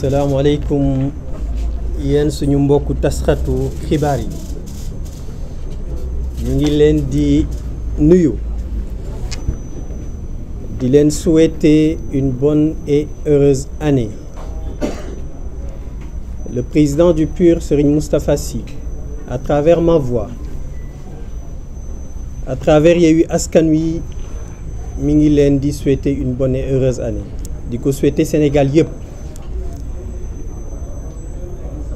salaamualeykum yéen suñu mbokku tasxatu xibaar yi mu ngi leen di nuyu di leen souhaiter une bonne et heureuse année le président du PUR Serigne Moustapha Sy à travers ma voix à travers Yewwi Askan Wi mu ngi leen di souhaiter une bonne et heureuse année di ko souhaiter Sénégal yëpp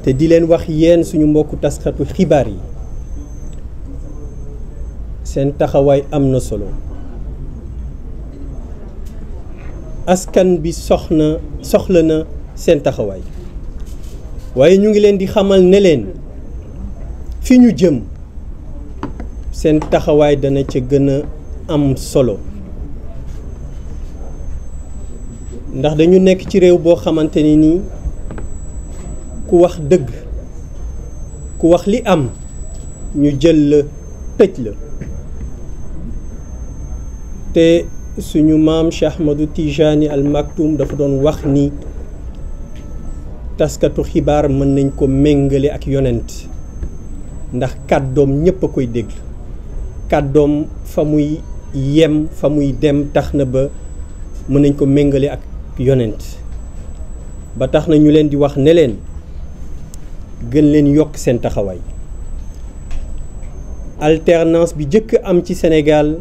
te di leen wax yéen suñu mbokk taskatu xibaar yi seen taxawaay am na solo askan bi soxla na seen taxawaay waaye ñu ngi leen di xamal ne leen fi ñu jëm seen taxawaay dana ca gën a am solo ndax dañu nekk ci réew boo xamante ni nii ku wax dëgg ku wax li am ñu jël la tëj la te suñu maam Cheikh Ahmadou Tijani al Maktoum dafa doon wax ni taskatu xibaar mën nañ ko méngale ak yonent ndax kàddoom ñépp a koy dégg kàddoom fa muy yem fa muy dem tax na ba mën nañ ko méngale ak yonent ba tax na ñu leen di wax ne leen gën leen yokk seen taxawaay alternance bi jëkk am ci Sénégal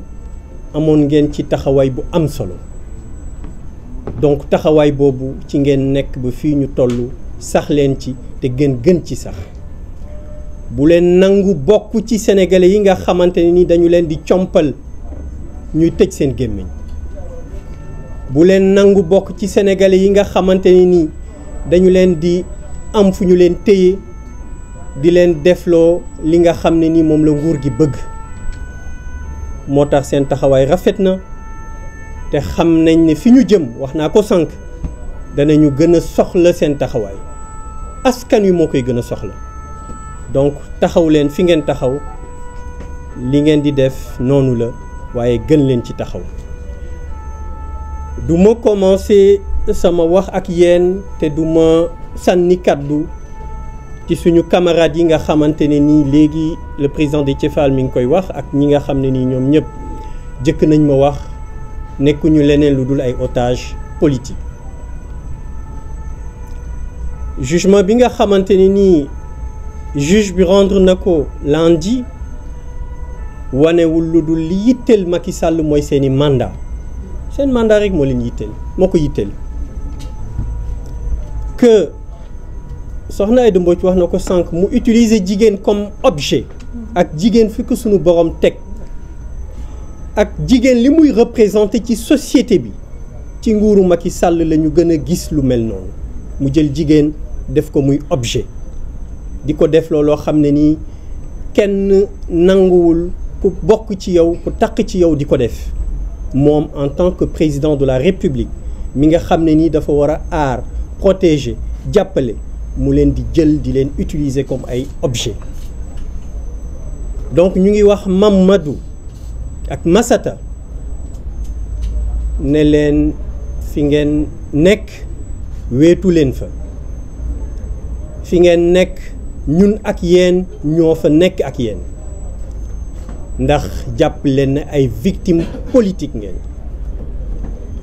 amoon ngeen ci taxawaay bu am solo donc taxawaay boobu ci ngeen nekk ba fii ñu tollu sax leen ci te gën gën ci sax bu leen nangu bokk ci sénégalais yi nga xamante ni dañu leen di compal ñu tëj seen gémmiñ bu leen nangu bokk ci sénégalais yi nga xamante ni dañu leen di am fu ñu leen téye di leen defloo li nga xam ne ni moom la nguur gi bëgg moo tax seen taxawaay rafet na te xam nañ ne fi ñu jëm wax naa ko sànq danañu gën a soxla seen taxawaay askan wi moo koy gën a soxla donc taxaw leen fi ngeen taxaw li ngeen di def noonu la waaye gën leen ci taxaw du ma sama wax ak yéen te du ma sànni kàddu ci suñu camarades yi nga xamante ne nii léegi le président de Fall mi ngi koy wax ak ñi nga xam ne nii ñoom ñëpp jëkk nañ ma wax nekkuñu leneen lu dul ay otage politique jugement bi nga xamante ne nii juge bi rendre na ko lundi wanewul lu dul li yitteel Macky Sall mooy seeni mandat seen mandat rek moo leen yitteel moo ko yitteel que soxna Aïda Mbodj wax na ko sànq mu utiliser jigéen comme objet ak jigéen fi ko sunu borom teg ak jigéen li muy représenter ci société bi ci nguuru Macky Sall la ñu gën a gis lu mel noonu mu jël jigéen def ko muy objet di ko def looloo xam ne nii kenn nanguwul ku bokk ci yow ku takk ci yow di ko def moom en tant que président de la république mi nga xam ne nii dafa war a aar protéger jàppale mu leen di jël di leen utiliser comme ay objet donc ñu ngi wax Mamadou ak Masata ne leen fi ngeen nekk weetu leen fa fi ngeen nekk ñun ak yéen ñoo fa nekk ak yéen ndax jàpp leen ne ay victimes politiques ngeen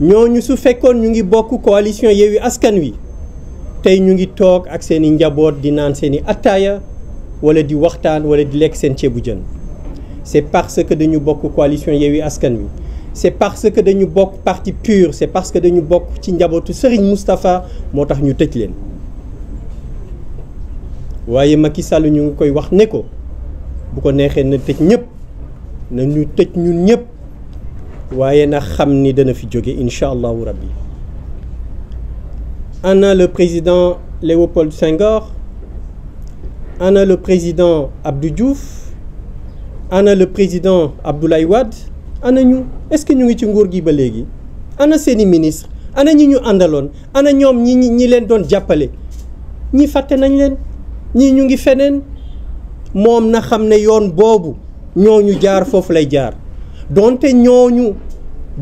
ñooñu su fekkoon ñu ngi bokk coalition Yewwi Askan Wi tey ñu ngi toog ak seen i njaboot di naan seeni i attaaya wala di waxtaan wala di lekk seen ceebu jën c'est parce que dañu bokk coalition Yewwi Askan Wi c'est parce que dañu bokk parti pur c'est parce que dañu bokk ci njabootu Serigne Moustapha moo tax ñu tëj leen waaye Macky Sall ñu ngi koy wax ne ko bu ko neexee na tëj ñëpp na ñu tëj ñun ñëpp waaye na xam ni dana fi jóge incha allahu rabbi Un an, le président Léopold Senghor. Un an, le président Abdou Diouf. Un an, le président Abdoulaye Wade. ana ñu est-ce que ñu ngi ci nguur gi ba léegi ana seeni ministre ana ñi ñu àndaloon ana ñoom ñi ñi leen doon jàppale ñi fàtte nañ leen ñii ñu ngi feneen moom na xam ne yoon boobu ñoo ñu jaar foofu lay jaar donte ñooñu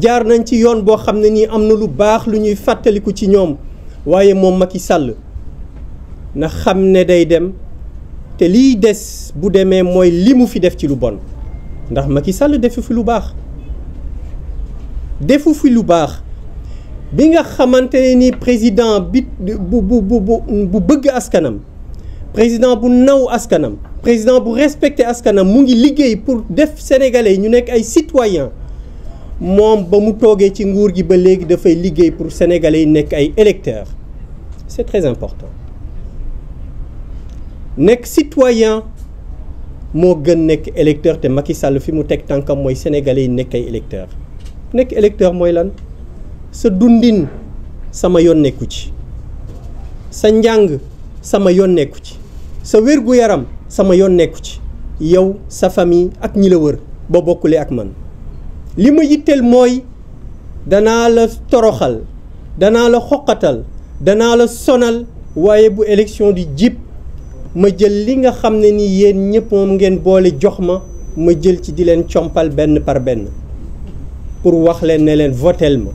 jaar nañ ci yoon boo xam ne nii am na lu baax lu ñuy fàttaliku ci ñoom waaye moom ma Macky Sall na xam ne day dem te liy des bu demee mooy li mu fi def ci lu bon ndax ma Macky Sall defu fi lu baax defu fi lu baax bi nga xamante ne ni président bi bu bu bu bëgg askanam président bu naw askanam président bu respecté askanam mu ngi liggéey pour def sénégalais ñu nekk ay citoyens moom ba mu toogee ci nguur gi ba léegi dafay liggéey pour sénégalais yi nekk ay électeurs c'est très important nekk citoyen moo gën nekk électeur te Macky Sall fi mu teg tànkam mooy sénégalais yi nekk ay électeurs nekk électeur mooy lan sa dundin sama yoon nekku ci sa njàng sama yoon nekku ci sa wér-gu-yaram sama yoon nekku ci yow sa famille ak ñi la wër boo bokkulee ak man li ma yitteel mooy danaa la toroxal danaa la xoqatal danaa la sonal waaye bu élection di jib ma jël li nga xam ne ni yéen ñëpp ngeen boole jox ma ma jël ci di leen compal benn par benn pour wax leen ne leen votel ma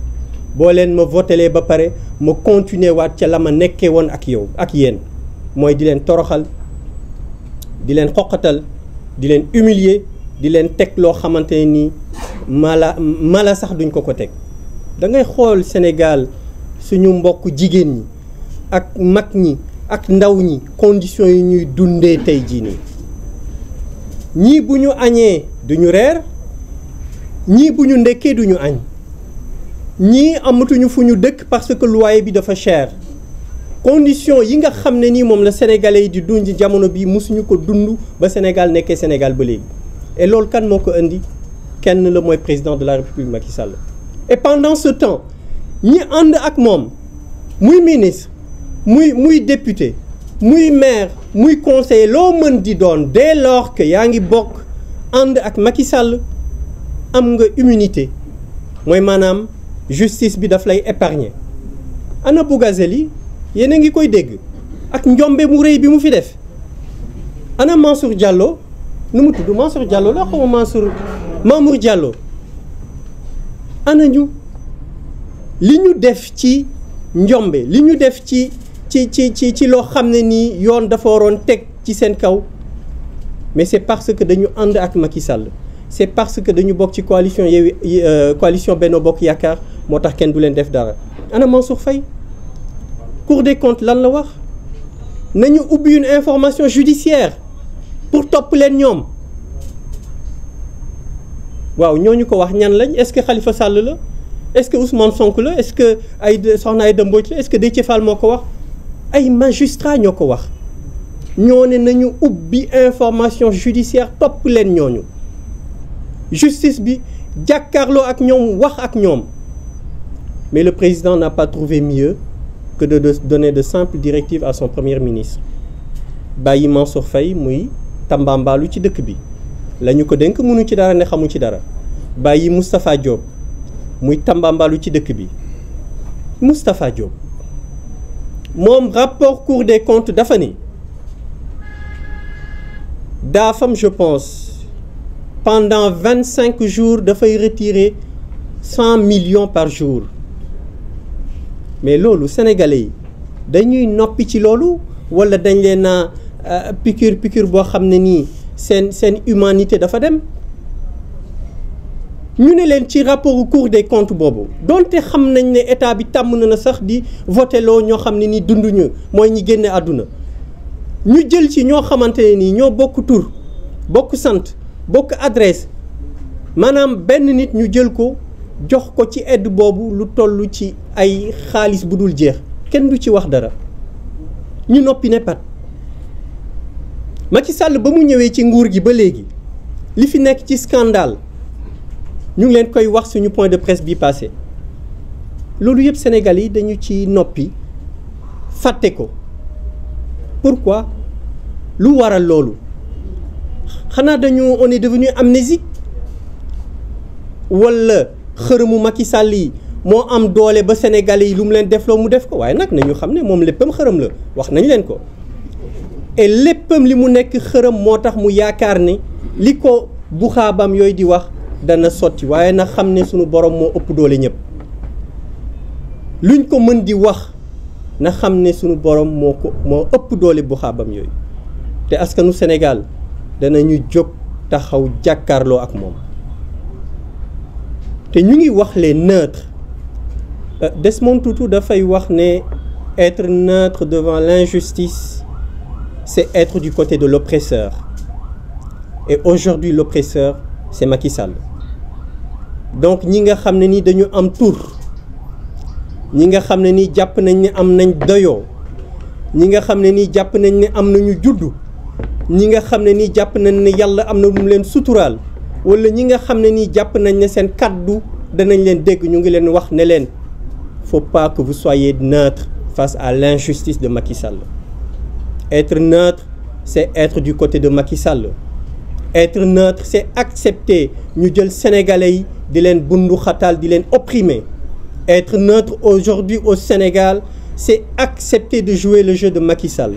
boo leen ma votelee ba pare ma continuer waat ca la ma nekkee woon ak yow ak yéen mooy di leen toroxal di leen xoqatal di leen humilier di leen teg loo xamante ne nii mala mala sax duñ ko ko teg da ngay xool Sénégal suñu mbokk jigéen ñi ak mag ñi ak ndaw ñi conditions yi ñuy dundee tey jii nii ñii bu ñu añee duñu reer ñii bu ñu ndekkee duñu añ ñii amatuñu fu ñu dëkk parce que loyer bi dafa cher condition yi nga xam ne nii moom la sénégalais yi di dund jamono bi mosuñu ko dund ba Sénégal nekkee Sénégal ba léegi et loolu kan moo ko indi kenn la mooy président de la république Macky Sall et pendant ce temps ñi ànd ak moom muy ministre muy muy député muy maire muy conseiller loo mën di doon dès lors que yaa ngi bokk ànd ak Macky Sall am nga immunité mooy maanaam justice bi daf lay épargner ana Bougazeli yéen a ngi koy dégg ak njombe mu rëy bi mu fi def ana Mansour Diallo nu mu tudd Mansour Diallo la xaw ma Mamour Diallo anañu li ñu def ci njombe li ñu def ci ci ci ci ci loo xam ne nii yoon dafa waroon teg ci seen kaw mais c'est parce que dañu ànd ak Macky Sall c'est parce que dañu bokk ci coalition Yewwi euh, coalition Benno Bokk Yaakaar moo tax kenn du leen def dara ana Mansour Faye Cour de comptes lan la wax nañu ubbi une information judiciaire pour topp leen ñoom waaw ñoo ñu ko wax ñan lañ est-ce que Khalifa Sall la est-ce que Ousmane Sonko la est-ce que ay Soxna Aïda Mbodj la est-ce que Déthié Fall moo ko wax ay magistrats ñoo ko wax ñoo ne nañu ubbi information judiciaire topp leen ñooñu justice bi jàkkaarloo ak ñoom wax ak ñoom mais le président n'a pas trouvé mieux que de donner de simples directive à son première ministre bàyyi Mansour Faye muy tambambaalu ci dëkk bi lañu ko dénk mënu ci dara ne xamu ci dara bàyyi Moustapha Diop muy tambambalu ci dëkk bi Moustapha Diop moom rapport Cour des comptes dafa ni daafam je pense pendant vingt cinq jours dafay retirer cent millions par jour mais loolu sénégalais yi dañuy noppi ci loolu wala dañ leen a euh, piqûre boo xam ne nii seen seen umaanité dafa dem ñu ne leen ci rapport Cour des comptes boobu donte xam nañ ne état bi tàmm na na sax di voté loo ñoo xam ne ni dunduñu mooy ñi génne àdduna ñu jël ci ñoo xamante nii ñoo bokk tur bokk sant bokk adresse maanaam benn nit ñu jël ko jox ko ci edd boobu lu toll ci ay xaalis bu dul jeex kenn du ci wax dara ñu noppi ne Macky Sall ba mu ñëwee ci nguur gi ba léegi li fi nekk ci scandale ñu ngi leen koy wax suñu point de presse bi passé loolu yëpp Sénégal yi dañu ci noppi fàtte ko pourquoi lu waral loolu xanaa dañu on est devenu amnésique wala xërëmu Macky Sall yi moo am doole ba Sénégal yi lu mu leen def loo mu def ko waaye nag nañu xam ne moom léppam xërëm la wax nañ leen ko et léppam li mu nekk xërëm moo tax mu yaakaar ne li ko buxaabam yooyu di wax dana sotti waaye na xam ne sunu borom moo ëpp doole ñëpp luñ ko mën di wax na xam ne sunu boroom moo ko moo ëpp doole buxaabam yooyu te askanu dana ñu jóg taxaw jàkkaarloo ak moom te ñu ngi wax les neutres euh, Desmond Tutu dafay wax ne être neutre devant l'injustice c'est être du côté de l'oppresseur. Et aujourd'hui l'oppresseur c'est Macky Sall. donc ñi nga xam ne ni dañu am tur ñi nga xam ne ni jàpp nañ ne am nañ doyoo ñi nga xam ne ni jàpp nañ ne am nañu juddu ñi nga xam ne ni jàpp nañ ne yàlla am na lu mu leen suturaal wala ñi nga xam ne ni jàpp nañ ne seen kàddu danañ leen dégg ñu ngi leen wax ne leen faut pas que vous soyez neutre face à l'injustice de Macky Être neutre, c'est être du côté de Macky Sall. Être neutre, c'est accepter ñu jël sénégalais yi di leen bundu xataal di leen opprimer. Être neutre aujourd'hui au Sénégal, c'est accepter de jouer le jeu de Macky Sall.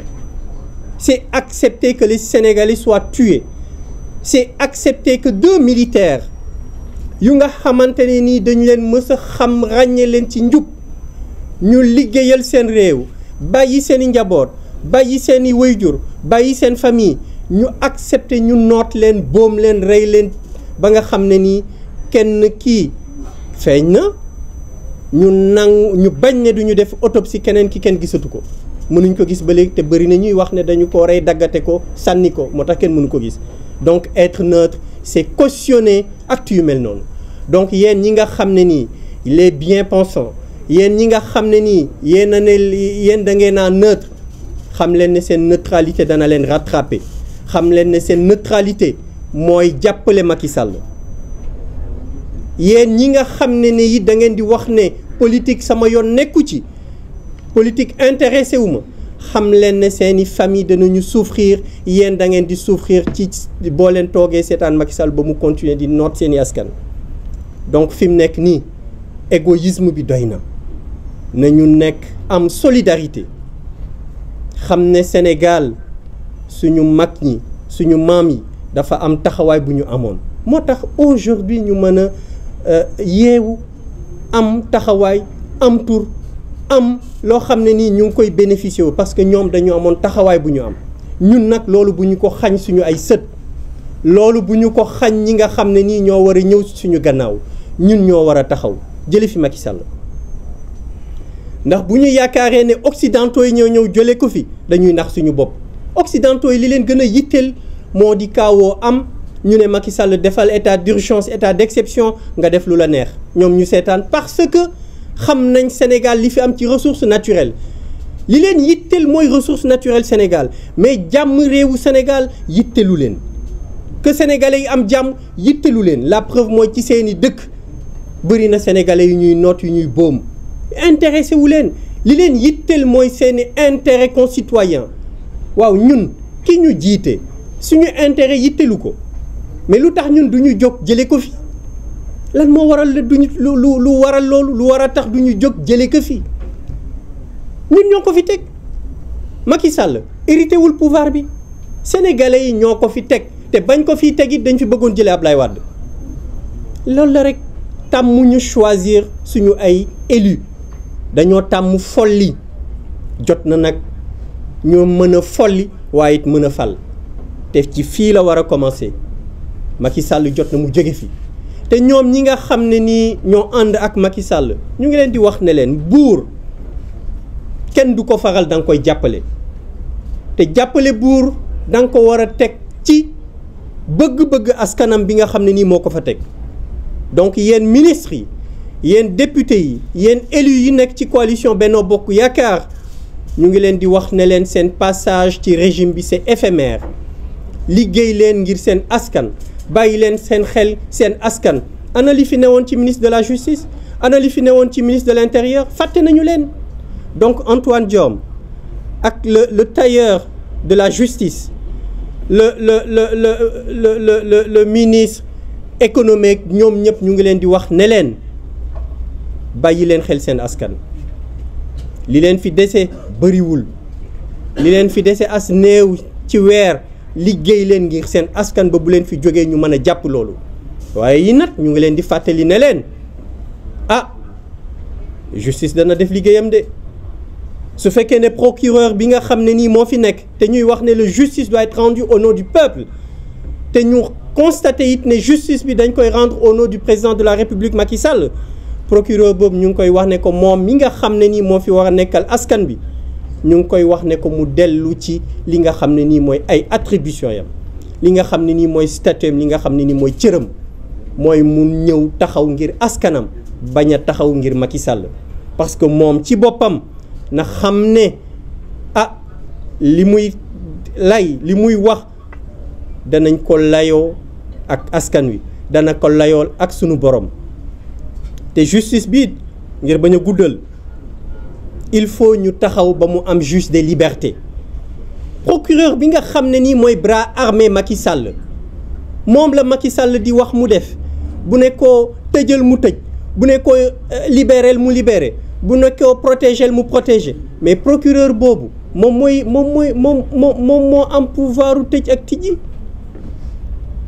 C'est accepter que les Sénégalais soient tués. C'est accepter que deux militaires yu nga xamante ne nii dañu leen mës a xam ràññee leen ci njub ñu liggéeyal seen réew bàyyi seen i njaboot. bàyyi seen i wayjur bàyyi seen famille ñu accepter ñu noot leen boom leen rey leen ba nga xam ne nii kenn kii feeñ na ñu nangu ñu bañ ne duñu def autopsie keneen ki kenn gisatu ko mënuñ ko gis ba léegi te bari na ñuy wax ne dañu ko rey daggate ko sànni ko moo tax kenn mënu ko gis donc être neutre c'est cautionner acte yu mel noonu donc yéen ñi nga xam ne nii les bien pensants yéen ñi nga xam ne ni yéen a ne yéen da ngeen a neutre xam leen ne seen neutralité dana leen rattraper xam leen ne seen neutralité mooy jàppale Macky Sall yéen ñi nga xam ne ne yi da ngeen di wax ne politique sama yoon nekku ci politique intéressé wu ma xam leen ne seeni famille danañu souffrir yéen da ngeen di souffrir ci boo leen toogee seetaan Macky Sall ba mu continuer di noot seeni askan donc fi mu nekk nii égoïsme bi doy na nañu nekk am solidarité xam ne Sénégal suñu mag ñi suñu maam yi dafa am taxawaay bu ñu amoon moo tax aujourd'hui ñu mën a euh, yeewu am taxawaay am tur am loo xam ne nii ñu ngi koy bénéficier wu parce que ñoom dañu amoon taxawaay bu ñu am ñun nag loolu bu ñu ko xañ suñu ay sët loolu bu ñu ko xañ ñi nga xam ne nii ñoo war a ñëw suñu gannaaw ñun ñoo war a taxaw jële fi Macky Sall ndax bu ñu yaakaaree ne occidentaux yi ñoo ñëw jëlee ko fi dañuy nax suñu bopp occidentaux yi li leen gën a yitteel moo di kaawoo am ñu ne Macky Sall defal état d'urgence état d'exception nga def lu la neex ñoom ñu seetaan parce que xam nañ Sénégal li fi am ci ressource naturelle li leen yitteel mooy ressource naturelle Sénégal mais jàmm réewu Sénégal yittelu leen que sénégalais yi am jàmm yittelu leen la preuve mooy ci seeni dëkk bëri na sénégalais yu ñuy noot yu ñuy boom intéressé wu leen li leen yitteel mooy seeni intérêt concitoyen waaw ñun ki ñu jiite suñu intérêt yitteelu ko mais lu tax ñun duñu jóg jële ko fi lan moo waral la duñu lu lu lu waral war a tax du ñu jóg jëlee ko fi ñun ñoo ko fi teg Macky Sall hérité wul pouvoir bi sénégalais yi ñoo ko fi teg te bañ ko fi teg it dañ fi bëggoon jëlee Ablaye wàdd loolu la rek tàmm ñu choisir suñu ay élus dañoo tàmm folli jot na nag ñoo mën a folli waaye mën a fal te ci fii la war a commencer Macky Sall jot na mu jóge fi te ñoom ñi nga xam ne nii ñoo ànd ak Macky Sall ñu ngi leen di wax ne leen buur kenn du ko faral da nga koy jàppale te jàppale buur danga ko war a teg ci bëgg-bëgg askanam bi nga xam ne nii moo ko fa teg donc yéen ministres yi yéen député yi yéen élus yi nekk ci coalition Benno Bokk Yaakaar ñu ngi leen di wax ne leen seen passage ci régime bi c'est éphémère liggéey leen ngir seen askan bàyyi leen seen xel seen askan ana li fi woon ci ministre de la justice ana li fi woon ci ministre de l'intérieur fàtte nañu leen donc Antoine Diome ak le le tailleur de la justice le le le le le le le, le, le ministre économique ñoom ñëpp ñu ngi leen di wax ne leen bàyyi leen xel seen askan li leen fi dese bëriwul li leen fi dese as néew ci weer liggéey leen ngir seen askan ba bu leen fi jógee ñu mën a jàpp loolu waaye yi nag ñu ngi leen di fàttali ne leen ah justice dana def liggéeyam de su fekkee ne procureur bi nga xam ne nii moo fi nekk te ñuy wax ne le justice doit être rendue au nom du peuple te ñu constate it ne justice bi dañ koy rendre au nom du président de la république Macky Sall procureur boobu ñu ngi koy wax ne ko moom mi nga xam ne nii moo fi wax a nekkal askan bi ñu ngi koy wax ne ko mu dellu ci li nga xam ne nii mooy ay attribution yam li nga xam ne nii mooy statut am li nga xam ne nii mooy cëram mooy mu ñëw taxaw ngir askanam bañ a taxaw ngir Macky Sall parce que moom ci boppam na xam ne ah li muy lay li muy wax danañ ko layoo ak askan wi dana ko layool ak sunu borom te justice bi ngir bañ a guddal il faut ñu taxaw ba mu am juge des libertés procureur bi nga xam ne nii mooy bras armé Macky Sall moom la Macky Sall di wax mu def bu ne koo tëjal mu tëj bu ne ko euh, libéral mu libere bu ne ko protégel mu protégé mais procureur boobu moom mooy moom mooy moom moom moo am pouvoir tëj ak tijji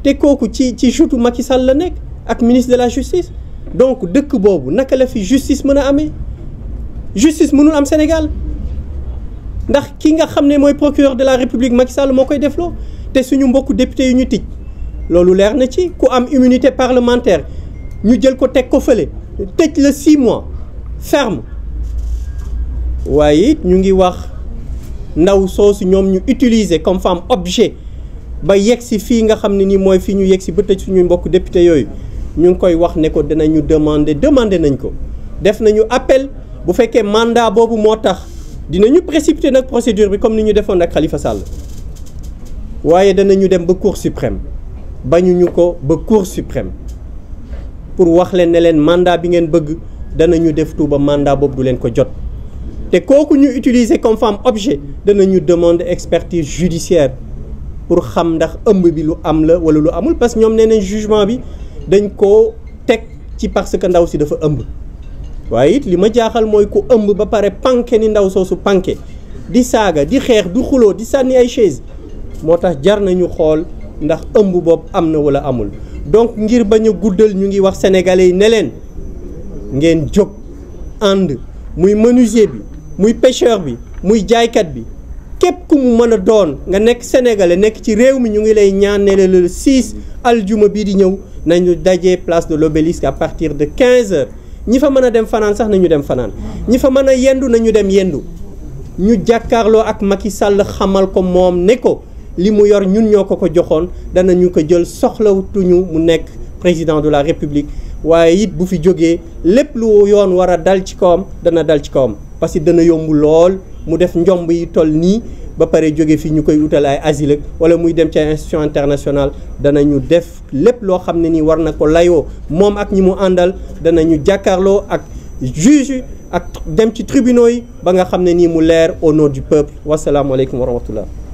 te kooku ci ci jotu Macky Sall la nekk ak ministre de la justice donc dëkk boobu naka la fi justice mën a amee justice mënul am Sénégal ndax ki nga xam ne mooy procureur de la république Macky Sall moo koy defloo te suñu mbokku député yu ñu tij loolu leer na ci ku am immunité parlementaire ñu jël ko teg ko fële tëj la six mois ferme waaye it ñu ngi wax ndaw soosu ñoom ñu utiliser comme femme objet ba yegg si fii nga xam ne nii mooy fii ñu yegg si ba tëj suñu mbokku député yooyu ñu ngi koy wax ne ko dinañu demander demander nañ ko def nañu appel bu fekkee mandat boobu moo tax dina dinañu précipiter nag procédure bi comme ni ñu defoon ak Khalifa Sall waaye danañu dem ba Cour suprême bañu ñu ko ba Cour suprême pour wax leen ne leen mandat bi ngeen bëgg danañu def tout ba mandat boobu du leen ko jot te kooku ñu utiliser comme femme objet danañu demander expertise judiciaire pour xam ndax ëmb bi lu am la wala lu amul parce que ñoom nee nañ jugement bi dañ koo teg ci parce que ndaw si dafa ëmb waaye it li ma jaaxal mooy ku ëmb ba pare panke ni ndaw soosu panke di saaga di xeex du xuloo di sànni ay chaise moo tax jar nañu xool ndax ëmb boobu am na wala amul donc ngir bañ a guddal ñu ngi wax sénégalais yi ne leen ngeen jóg ànd muy menuisier bi muy pêcheur bi muy jaaykat bi képp ku mu mën a doon nga nekk sénégalais nekk ci réew mi ñu ngi lay ñaan ne le aljuma bii di ñëw nañu dajee place de l'obélisque à partir de 15 heures ñi fa mën a dem fanaan sax nañu dem fanaan ñi fa mën a yendu nañu dem yendu ñu jàkkaarloo ak Macky Sall xamal ko moom ne ko li mu yor ñun ñoo ko ko joxoon danañu ko jël soxlawtuñu mu nekk président de la république waaye it bu fi jógee lépp lu yoon war a dal ci kawam dana dal ci kawam parce que dana yomb lool mu def njomb yi toll nii ba pare jóge fii ñu koy utal ay asile ak wala muy dem ci institution internationale danañu def lépp loo xam ne nii war na ko layoo moom ak ñi mu àndal dana ñu jàkkaarloo ak juge ak dem ci tribunaux yi ba nga xam ne nii mu leer au nom du peuple wasalaamualeykum wa rahmatullah